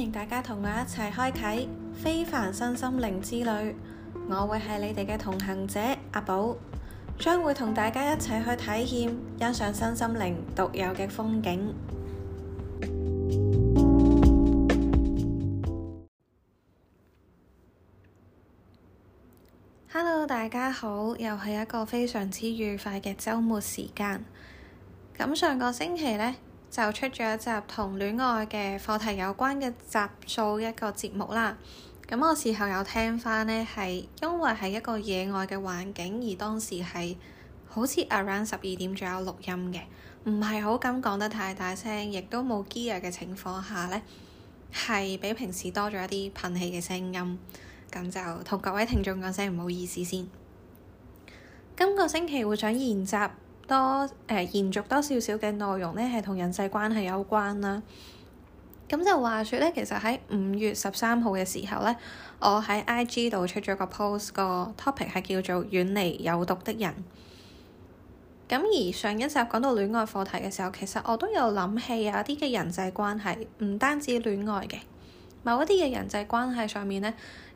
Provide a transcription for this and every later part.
歡迎大家同我一齊開啟非凡身心靈之旅，我會係你哋嘅同行者阿寶，將會同大家一齊去體驗欣賞身心靈獨有嘅風景。Hello，大家好，又係一個非常之愉快嘅週末時間。咁上個星期呢。就出咗一集同戀愛嘅課題有關嘅集數一個節目啦。咁我事後有聽返呢，係因為係一個野外嘅環境，而當時係好似 around 十二點左右錄音嘅，唔係好敢講得太大聲，亦都冇 gear 嘅情況下呢，係比平時多咗一啲噴氣嘅聲音。咁就同各位聽眾講聲唔好意思先。今個星期會上研習。多、呃、延續多少少嘅內容呢，係同人際關係有關啦。咁就話説呢，其實喺五月十三號嘅時候呢，我喺 IG 度出咗個 post，個 topic 係叫做遠離有毒的人。咁而上一集講到戀愛課題嘅時候，其實我都有諗起有一啲嘅人際關係，唔單止戀愛嘅某一啲嘅人際關係上面呢，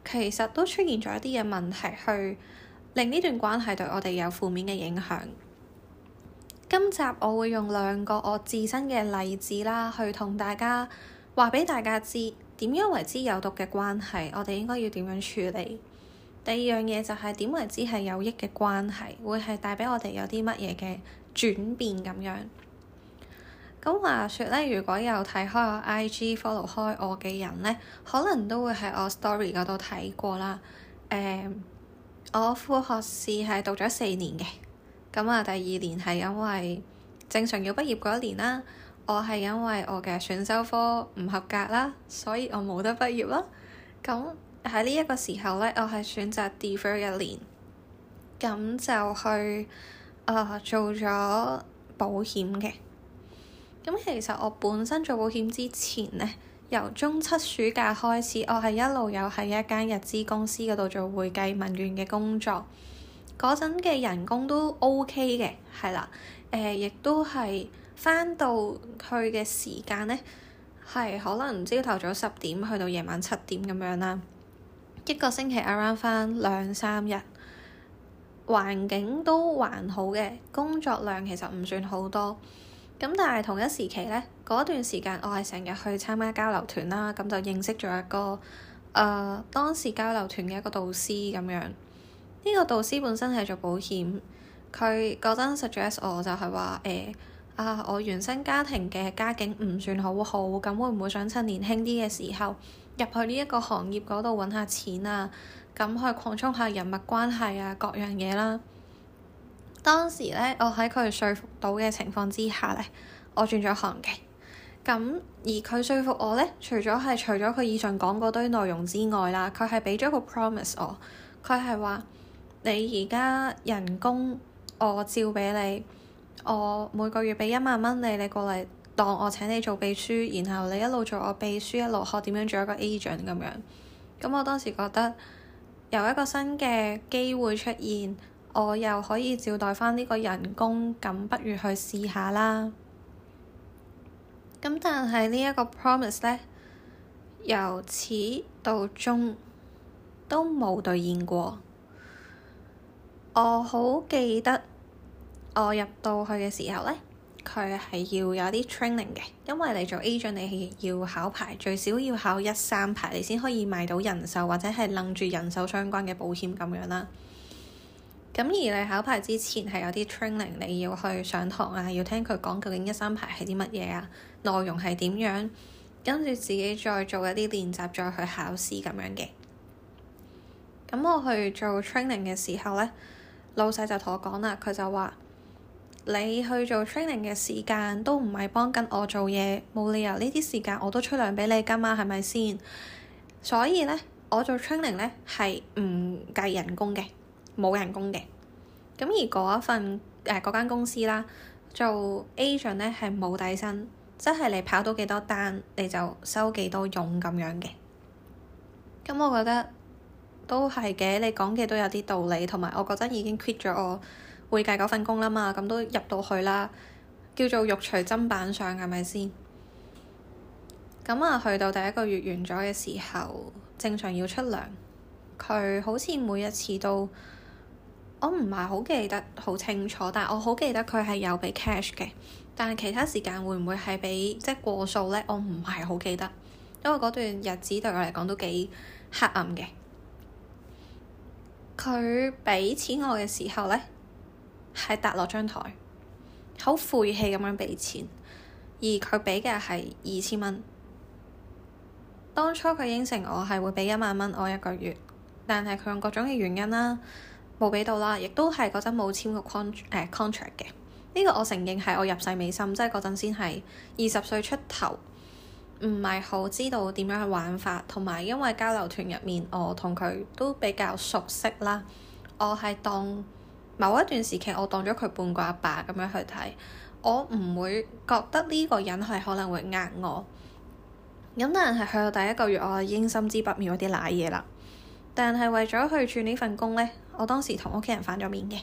其實都出現咗一啲嘅問題，去令呢段關係對我哋有負面嘅影響。今集我會用兩個我自身嘅例子啦，去同大家話俾大家知點樣為之有毒嘅關係，我哋應該要點樣處理。第二樣嘢就係、是、點為之係有益嘅關係，會係帶俾我哋有啲乜嘢嘅轉變咁樣。咁話說咧，如果有睇開我 IG，follow 開我嘅人咧，可能都會喺我 story 嗰度睇過啦。誒、嗯，我副學士係讀咗四年嘅。咁啊，第二年係因為正常要畢業嗰一年啦，我係因為我嘅選修科唔合格啦，所以我冇得畢業啦。咁喺呢一個時候呢，我係選擇 defer 一年，咁就去、呃、做咗保險嘅。咁其實我本身做保險之前呢，由中七暑假開始，我係一路有喺一間日資公司嗰度做會計文員嘅工作。嗰陣嘅人工都 OK 嘅，係啦，誒、呃，亦都係翻到去嘅時間咧，係可能朝頭早十點去到夜晚七點咁樣啦，一個星期 around 翻兩三日，環境都還好嘅，工作量其實唔算好多，咁但係同一時期咧，嗰段時間我係成日去參加交流團啦，咁就認識咗一個誒、呃、當時交流團嘅一個導師咁樣。呢個導師本身係做保險，佢嗰陣 suggest 我就係話誒啊，我原生家庭嘅家境唔算好好，咁會唔會想趁年輕啲嘅時候入去呢一個行業嗰度揾下錢啊？咁去擴充下人物關係啊，各樣嘢啦。當時呢，我喺佢説服到嘅情況之下呢，我轉咗行嘅。咁而佢説服我呢，除咗係除咗佢以上講嗰堆內容之外啦，佢係俾咗個 promise 我，佢係話，你而家人工，我照畀你，我每個月畀一萬蚊你，你過嚟當我請你做秘書，然後你一路做我秘書，一路學點樣做一個 agent 咁樣。咁我當時覺得有一個新嘅機會出現，我又可以招待翻呢個人工，咁不如去試下啦。咁但係呢一個 promise 呢，由始到終都冇兌現過。我好記得我入到去嘅時候呢，佢係要有啲 training 嘅，因為你做 agent 你係要考牌，最少要考一三牌，你先可以賣到人壽或者係諗住人壽相關嘅保險咁樣啦。咁而你考牌之前係有啲 training，你要去上堂啊，要聽佢講究竟一三牌係啲乜嘢啊，內容係點樣，跟住自己再做一啲練習，再去考試咁樣嘅。咁我去做 training 嘅時候呢。老細就同我講啦，佢就話：你去做 training 嘅時間都唔係幫緊我做嘢，冇理由呢啲時間我都出糧畀你㗎嘛，係咪先？所以咧，我做 training 咧係唔計人工嘅，冇人工嘅。咁而嗰一份誒嗰、呃、間公司啦，做 agent 咧係冇底薪，即係你跑到幾多單你就收幾多傭咁樣嘅。咁我覺得。都係嘅，你講嘅都有啲道理，同埋我覺得已經 quit 咗我會計嗰份工啦嘛，咁都入到去啦，叫做魚肉砧板上，係咪先？咁啊，去到第一個月完咗嘅時候，正常要出糧，佢好似每一次都，我唔係好記得好清楚，但係我好記得佢係有俾 cash 嘅，但係其他時間會唔會係俾，即係過數咧？我唔係好記得，因為嗰段日子對我嚟講都幾黑暗嘅。佢畀錢我嘅時候咧，係揼落張台，好晦氣咁樣畀錢，而佢畀嘅係二千蚊。當初佢應承我係會畀一萬蚊我一個月，但係佢用各種嘅原因啦，冇畀到啦，亦都係嗰陣冇簽個 con、uh, contract 嘅。呢個我承認係我入世未深，即係嗰陣先係二十歲出頭。唔係好知道點樣去玩法，同埋因為交流團入面，我同佢都比較熟悉啦。我係當某一段時期，我當咗佢半個阿爸咁樣去睇，我唔會覺得呢個人係可能會呃我。咁但係去到第一個月，我已經心知不妙啲賴嘢啦。但係為咗去轉呢份工呢，我當時同屋企人反咗面嘅。誒、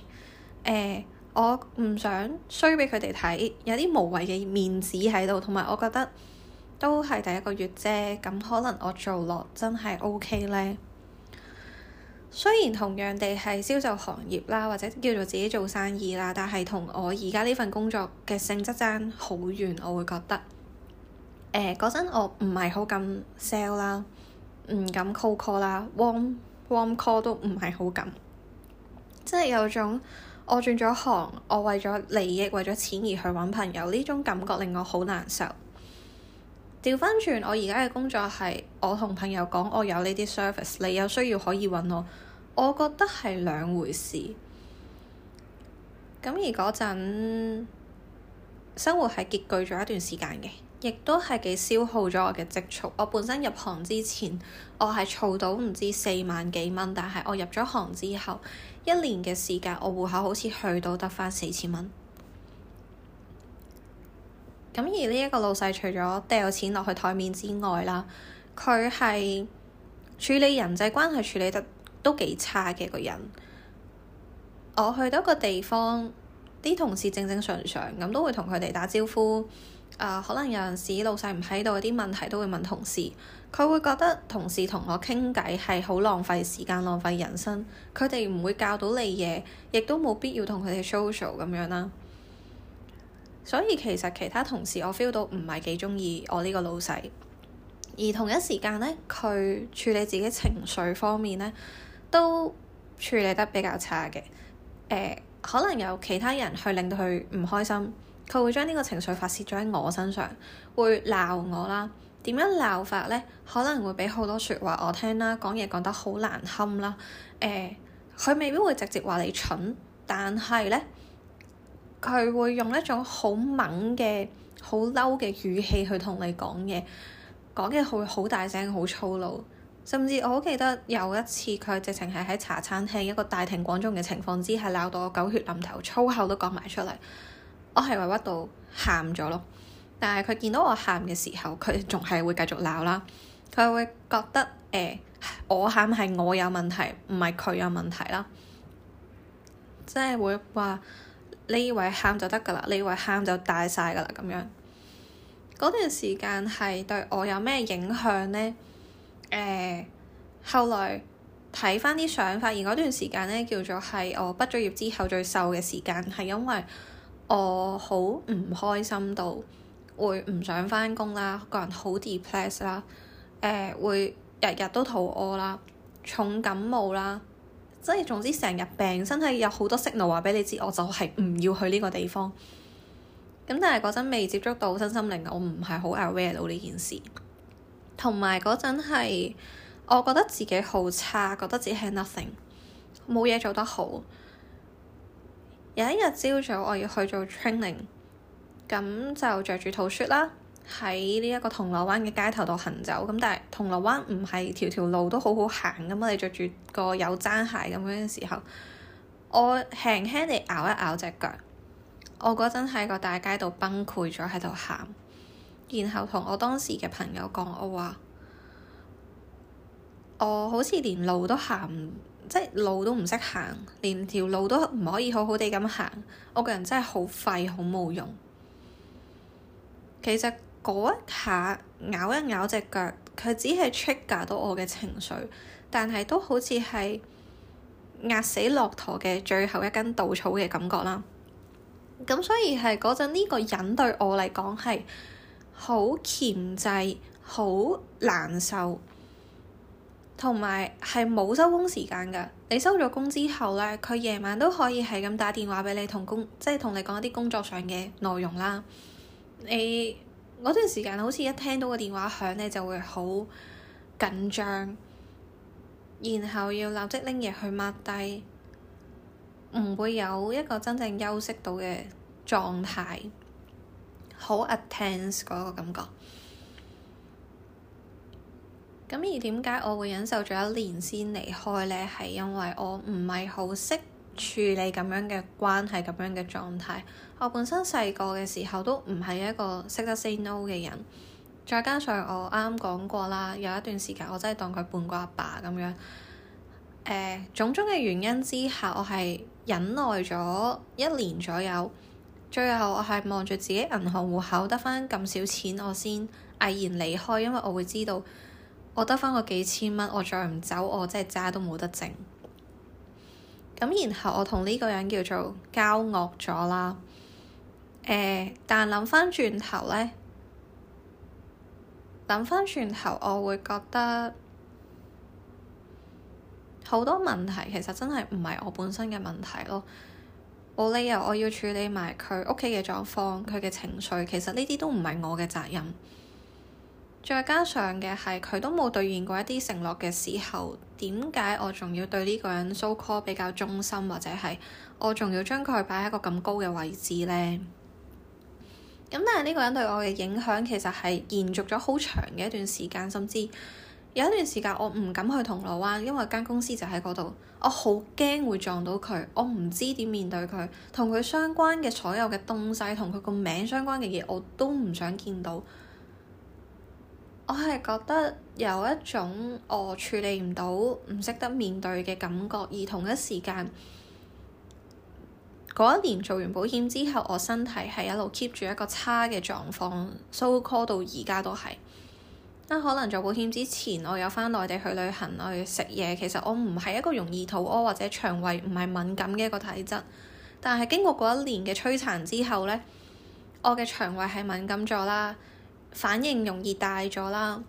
欸，我唔想衰畀佢哋睇，有啲無謂嘅面子喺度，同埋我覺得。都係第一個月啫，咁可能我做落真係 O K 呢。雖然同樣地係銷售行業啦，或者叫做自己做生意啦，但係同我而家呢份工作嘅性質差好遠，我會覺得，誒嗰陣我唔係好敢 sell 啦，唔敢 cold call 啦，warm warm call 都唔係好敢，即係有種我轉咗行，我為咗利益、為咗錢而去揾朋友呢種感覺，令我好難受。調返轉，我而家嘅工作係我同朋友講，我有呢啲 service，你有需要可以揾我。我覺得係兩回事。咁而嗰陣生活係拮據咗一段時間嘅，亦都係幾消耗咗我嘅積蓄。我本身入行之前，我係儲到唔知四萬幾蚊，但係我入咗行之後，一年嘅時間，我戶口好似去到得返四千蚊。咁而呢一個老細除咗掉錢落去台面之外啦，佢係處理人際關係處理得都幾差嘅一個人。我去到一個地方，啲同事正正常常咁都會同佢哋打招呼。啊、呃，可能有陣時老細唔喺度，啲問題都會問同事。佢會覺得同事同我傾偈係好浪費時間、浪費人生。佢哋唔會教到你嘢，亦都冇必要同佢哋 social 咁樣啦。所以其實其他同事我 feel 到唔係幾鍾意我呢個老細，而同一時間呢，佢處理自己情緒方面呢都處理得比較差嘅。誒、呃，可能有其他人去令到佢唔開心，佢會將呢個情緒發泄咗喺我身上，會鬧我啦。點樣鬧法呢？可能會畀好多説話我聽啦，講嘢講得好難堪啦。誒、呃，佢未必會直接話你蠢，但係呢。佢會用一種好猛嘅、好嬲嘅語氣去同你講嘢，講嘅會好大聲、好粗魯，甚至我好記得有一次佢直情係喺茶餐廳一個大庭廣眾嘅情況之下鬧到我狗血淋頭，粗口都講埋出嚟。我係委屈到喊咗咯，但係佢見到我喊嘅時候，佢仲係會繼續鬧啦。佢會覺得誒、欸、我喊係我有問題，唔係佢有問題啦，即係會話。你以為喊就得㗎啦，你以為喊就大晒㗎啦咁樣。嗰段時間係對我有咩影響呢？誒、呃，後來睇翻啲相，發現嗰段時間咧叫做係我畢咗業之後最瘦嘅時間，係因為我好唔開心到，會唔想翻工啦，個人好 depress 啦、呃，誒會日日都肚屙啦，重感冒啦。即係總之成日病，身體有好多 signal 話俾你知，我就係唔要去呢個地方。咁但係嗰陣未接觸到身心靈，我唔係好 aware 到呢件事。同埋嗰陣係，我覺得自己好差，覺得自己係 nothing，冇嘢做得好。有一日朝早我要去做 training，咁就着住套恤啦。喺呢一個銅鑼灣嘅街頭度行走，咁但係銅鑼灣唔係條條路都好好行㗎嘛。你着住個有踭鞋咁樣嘅時候，我輕輕地咬一咬隻腳，我嗰陣喺個大街度崩潰咗喺度喊，然後同我當時嘅朋友講我話：我好似連路都行唔，即係路都唔識行，連條路都唔可以好好地咁行。我個人真係好廢，好冇用。其實。嗰一下咬一咬隻腳，佢只係 trigger 到我嘅情緒，但係都好似係壓死駱駝嘅最後一根稻草嘅感覺啦。咁所以係嗰陣呢個人對我嚟講係好鉗制、好難受，同埋係冇收工時間噶。你收咗工之後咧，佢夜晚都可以係咁打電話俾你同工，即係同你講一啲工作上嘅內容啦。你嗰段時間，好似一聽到個電話響呢，就會好緊張，然後要立即拎嘢去抹低，唔會有一個真正休息到嘅狀態，好 intense 嗰個感覺。咁而點解我會忍受咗一年先離開呢？係因為我唔係好識，處理咁樣嘅關係，咁樣嘅狀態，我本身細個嘅時候都唔係一個識得 say no 嘅人，再加上我啱啱講過啦，有一段時間我真係當佢半個阿爸咁樣，誒、呃，種種嘅原因之下，我係忍耐咗一年左右，最後我係望住自己銀行戶口得翻咁少錢，我先毅然離開，因為我會知道我得翻個幾千蚊，我再唔走，我真係渣都冇得剩。咁然後我同呢個人叫做交惡咗啦，誒、呃，但諗返轉頭咧，諗返轉頭，我會覺得好多問題其實真係唔係我本身嘅問題咯，冇理由我要處理埋佢屋企嘅狀況、佢嘅情緒，其實呢啲都唔係我嘅責任。再加上嘅係佢都冇兌現過一啲承諾嘅時候。點解我仲要對呢個人 so-called 比較忠心，或者係我仲要將佢擺喺一個咁高嘅位置呢？咁但係呢個人對我嘅影響其實係延續咗好長嘅一段時間，甚至有一段時間我唔敢去銅鑼灣，因為間公司就喺嗰度，我好驚會撞到佢，我唔知點面對佢，同佢相關嘅所有嘅東西，同佢個名相關嘅嘢，我都唔想見到。我係覺得有一種我處理唔到、唔識得面對嘅感覺，而同一時間嗰一年做完保險之後，我身體係一路 keep 住一個差嘅狀況，so call 到而家都係。可能做保險之前，我有返內地去旅行，去食嘢。其實我唔係一個容易肚屙或者腸胃唔係敏感嘅一個體質，但係經過嗰一年嘅摧殘之後呢，我嘅腸胃係敏感咗啦。反應容易大咗啦，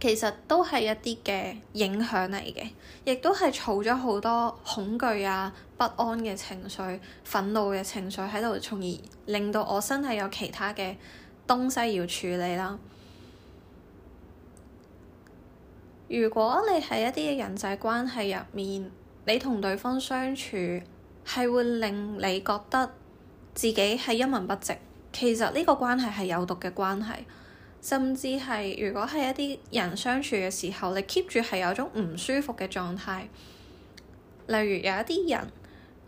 其實都係一啲嘅影響嚟嘅，亦都係儲咗好多恐懼啊、不安嘅情緒、憤怒嘅情緒喺度，從而令到我身體有其他嘅東西要處理啦。如果你喺一啲嘅人際關係入面，你同對方相處係會令你覺得自己係一文不值。其實呢個關係係有毒嘅關係，甚至係如果係一啲人相處嘅時候，你 keep 住係有種唔舒服嘅狀態。例如有一啲人，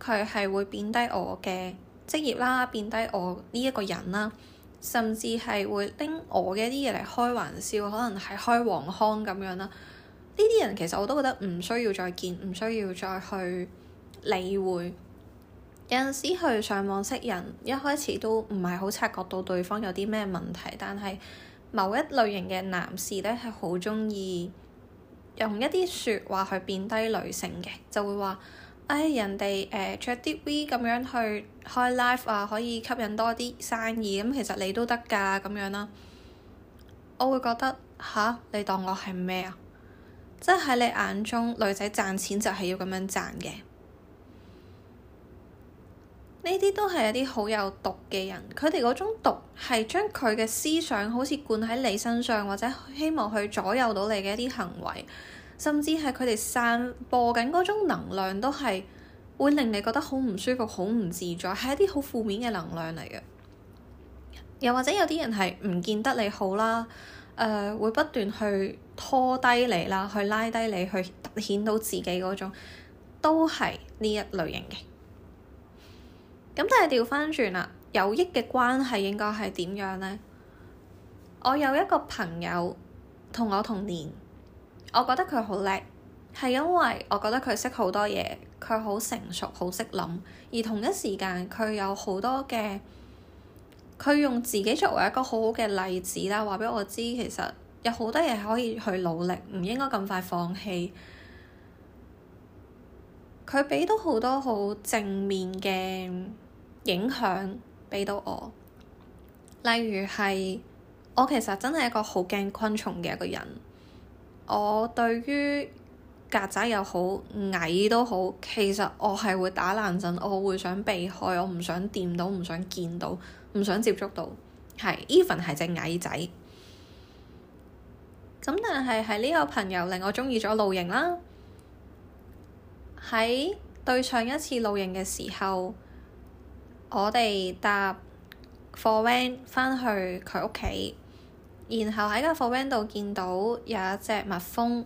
佢係會貶低我嘅職業啦，貶低我呢一個人啦，甚至係會拎我嘅一啲嘢嚟開玩笑，可能係開黃腔咁樣啦。呢啲人其實我都覺得唔需要再見，唔需要再去理會。有陣時去上網識人，一開始都唔係好察覺到對方有啲咩問題，但係某一類型嘅男士咧係好鍾意用一啲説話去貶低女性嘅，就會話：唉、哎，人哋誒著啲 V 咁樣去開 live 啊，可以吸引多啲生意，咁、啊、其實你都得㗎，咁樣啦。我會覺得吓，你當我係咩啊？即係喺你眼中，女仔賺錢就係要咁樣賺嘅。呢啲都係一啲好有毒嘅人，佢哋嗰種毒係將佢嘅思想好似灌喺你身上，或者希望去左右到你嘅一啲行為，甚至係佢哋散播緊嗰種能量都係會令你覺得好唔舒服、好唔自在，係一啲好負面嘅能量嚟嘅。又或者有啲人係唔見得你好啦，誒、呃、會不斷去拖低你啦，去拉低你，去突顯到自己嗰種，都係呢一類型嘅。咁但係掉返轉啦，有益嘅關係應該係點樣呢？我有一個朋友同我同年，我覺得佢好叻，係因為我覺得佢識好多嘢，佢好成熟，好識諗。而同一時間，佢有好多嘅，佢用自己作為一個好好嘅例子啦，話畀我知其實有好多嘢可以去努力，唔應該咁快放棄。佢畀到好多好正面嘅。影響畀到我，例如係我其實真係一個好驚昆蟲嘅一個人，我對於曱甴又好蟻都好，其實我係會打冷震，我會想避開，我唔想掂到，唔想見到，唔想接觸到，係 even 係隻蟻仔。咁但係係呢個朋友令我鍾意咗露營啦，喺對上一次露營嘅時候。我哋搭貨 van 返去佢屋企，然後喺架貨 van 度見到有一隻蜜蜂，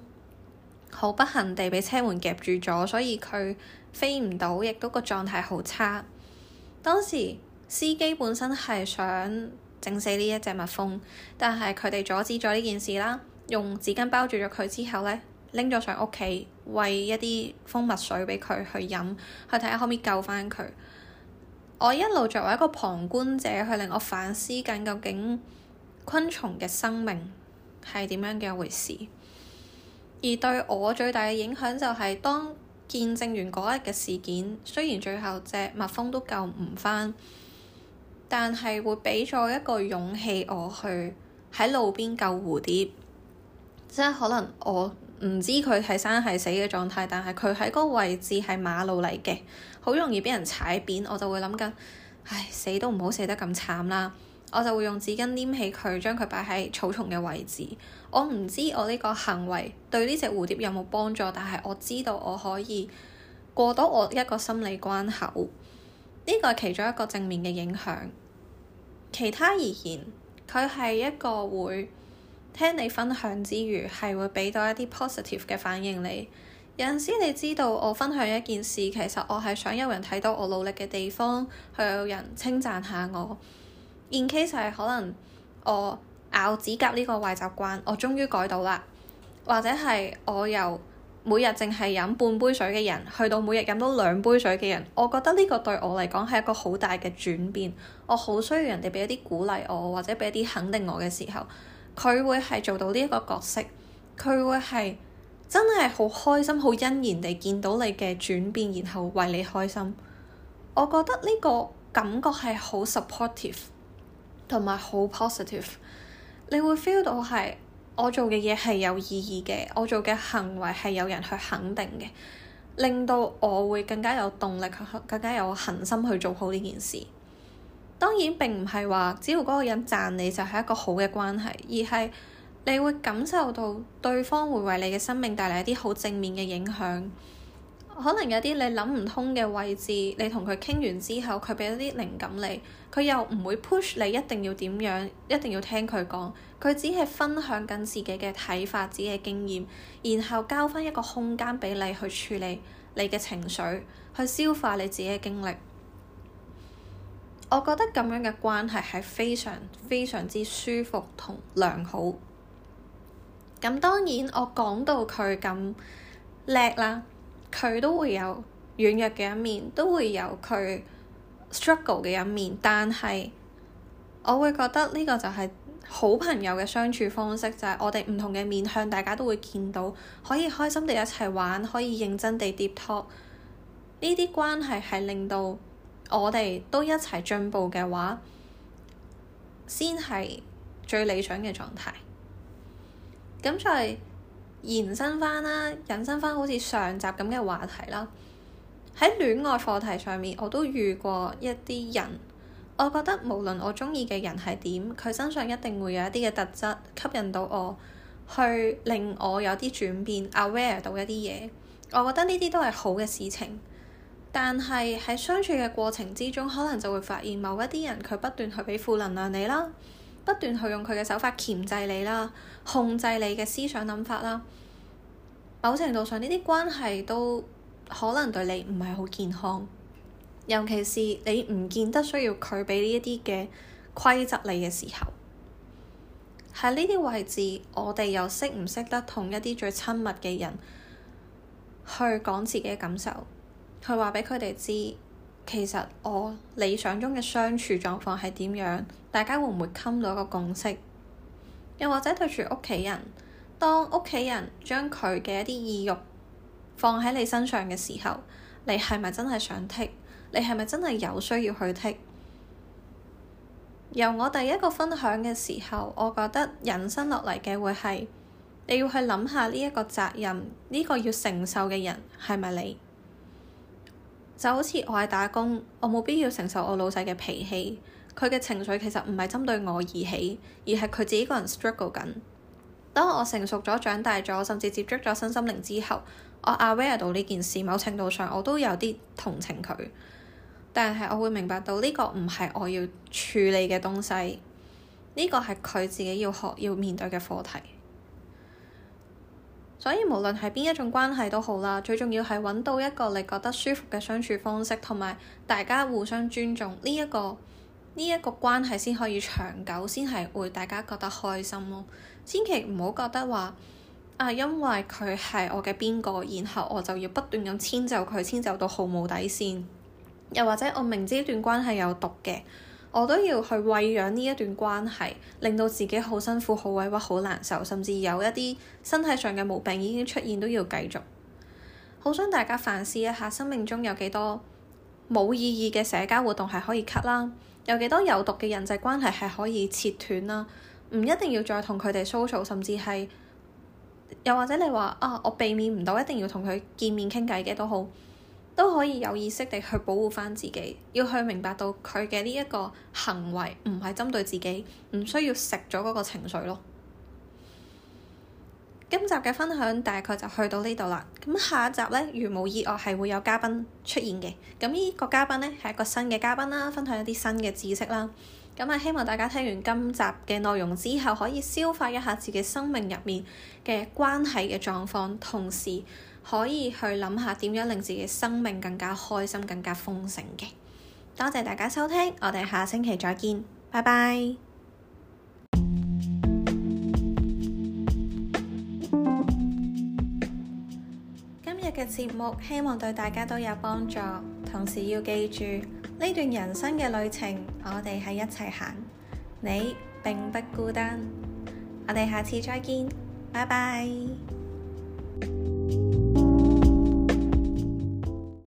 好不幸地被車門夾住咗，所以佢飛唔到，亦都個狀態好差。當時司機本身係想整死呢一隻蜜蜂，但係佢哋阻止咗呢件事啦，用紙巾包住咗佢之後呢，拎咗上屋企餵一啲蜂蜜水俾佢去飲，去睇下可唔可以救返佢。我一路作為一個旁觀者，去令我反思緊究竟昆蟲嘅生命係點樣嘅一回事。而對我最大嘅影響就係，當見證完嗰日嘅事件，雖然最後隻蜜蜂都救唔返，但係會俾咗一個勇氣，我去喺路邊救蝴蝶。即係可能我唔知佢係生係死嘅狀態，但係佢喺嗰個位置係馬路嚟嘅。好容易俾人踩扁，我就會諗緊，唉死都唔好死得咁慘啦！我就會用紙巾黏起佢，將佢擺喺草叢嘅位置。我唔知我呢個行為對呢隻蝴蝶有冇幫助，但係我知道我可以過到我一個心理關口。呢個係其中一個正面嘅影響。其他而言，佢係一個會聽你分享之餘，係會畀到一啲 positive 嘅反應你。有陣時你知道我分享一件事，其實我係想有人睇到我努力嘅地方，去有人稱讚下我。In case 係可能我咬指甲呢個壞習慣，我終於改到啦。或者係我由每日淨係飲半杯水嘅人，去到每日飲到兩杯水嘅人，我覺得呢個對我嚟講係一個好大嘅轉變。我好需要人哋俾一啲鼓勵我，或者俾一啲肯定我嘅時候，佢會係做到呢一個角色，佢會係。真係好開心、好欣然地見到你嘅轉變，然後為你開心。我覺得呢個感覺係好 supportive，同埋好 positive。你會 feel 到係我做嘅嘢係有意義嘅，我做嘅行為係有人去肯定嘅，令到我會更加有動力，更加有恒心去做好呢件事。當然並唔係話只要嗰個人讚你就係一個好嘅關係，而係。你會感受到對方會為你嘅生命帶嚟一啲好正面嘅影響，可能有啲你諗唔通嘅位置，你同佢傾完之後，佢畀一啲靈感你，佢又唔會 push 你一定要點樣，一定要聽佢講，佢只係分享緊自己嘅睇法、自己嘅經驗，然後交翻一個空間畀你去處理你嘅情緒，去消化你自己嘅經歷。我覺得咁樣嘅關係係非常非常之舒服同良好。咁當然我，我講到佢咁叻啦，佢都會有軟弱嘅一面，都會有佢 struggle 嘅一面，但係我會覺得呢個就係好朋友嘅相處方式，就係、是、我哋唔同嘅面向，大家都會見到，可以開心地一齊玩，可以認真地 deep talk，呢啲關係係令到我哋都一齊進步嘅話，先係最理想嘅狀態。咁再延伸翻啦，引申翻好似上集咁嘅話題啦。喺戀愛課題上面，我都遇過一啲人，我覺得無論我中意嘅人係點，佢身上一定會有一啲嘅特質吸引到我，去令我有啲轉變，aware 到一啲嘢。我覺得呢啲都係好嘅事情，但係喺相處嘅過程之中，可能就會發現某一啲人，佢不斷去俾負能量你啦。不斷去用佢嘅手法鉗制你啦，控制你嘅思想諗法啦。某程度上，呢啲關係都可能對你唔係好健康，尤其是你唔見得需要佢畀呢一啲嘅規則你嘅時候。喺呢啲位置，我哋又識唔識得同一啲最親密嘅人去講自己嘅感受，去話畀佢哋知？其實我理想中嘅相處狀況係點樣？大家會唔會冚到一個共識？又或者對住屋企人，當屋企人將佢嘅一啲意欲放喺你身上嘅時候，你係咪真係想剔？你係咪真係有需要去剔？由我第一個分享嘅時候，我覺得引申落嚟嘅會係你要去諗下呢一個責任，呢、呢個要承受嘅人係咪你？就好似我喺打工，我冇必要承受我老細嘅脾氣。佢嘅情緒其實唔係針對我而起，而係佢自己個人 struggle 緊，當我成熟咗、長大咗，甚至接觸咗身心靈之後，我 aware 到呢件事，某程度上我都有啲同情佢，但係我會明白到呢個唔係我要處理嘅東西，呢個係佢自己要學要面對嘅課題。所以無論係邊一種關係都好啦，最重要係揾到一個你覺得舒服嘅相處方式，同埋大家互相尊重，呢一個呢一個關係先可以長久，先係會大家覺得開心咯。千祈唔好覺得話啊，因為佢係我嘅邊個，然後我就要不斷咁遷就佢，遷就到毫無底線。又或者我明知呢段關係有毒嘅。我都要去餵養呢一段關係，令到自己好辛苦、好委屈、好難受，甚至有一啲身體上嘅毛病已經出現，都要繼續。好想大家反思一下，生命中有幾多冇意義嘅社交活動係可以 cut 啦，有幾多有毒嘅人際關係係可以切斷啦，唔一定要再同佢哋 social，甚至係又或者你話啊，我避免唔到，一定要同佢見面傾偈嘅都好。都可以有意識地去保護返自己，要去明白到佢嘅呢一個行為唔係針對自己，唔需要食咗嗰個情緒咯。今集嘅分享大概就去到呢度啦。咁下一集呢，如無意外係會有嘉賓出現嘅。咁呢個嘉賓呢，係一個新嘅嘉賓啦，分享一啲新嘅知識啦。咁啊，希望大家聽完今集嘅內容之後，可以消化一下自己生命入面嘅關係嘅狀況，同時，可以去諗下點樣令自己生命更加開心、更加豐盛嘅。多謝大家收聽，我哋下星期再見，拜拜。今日嘅節目希望對大家都有幫助，同時要記住，呢段人生嘅旅程，我哋喺一齊行，你並不孤單。我哋下次再見，拜拜。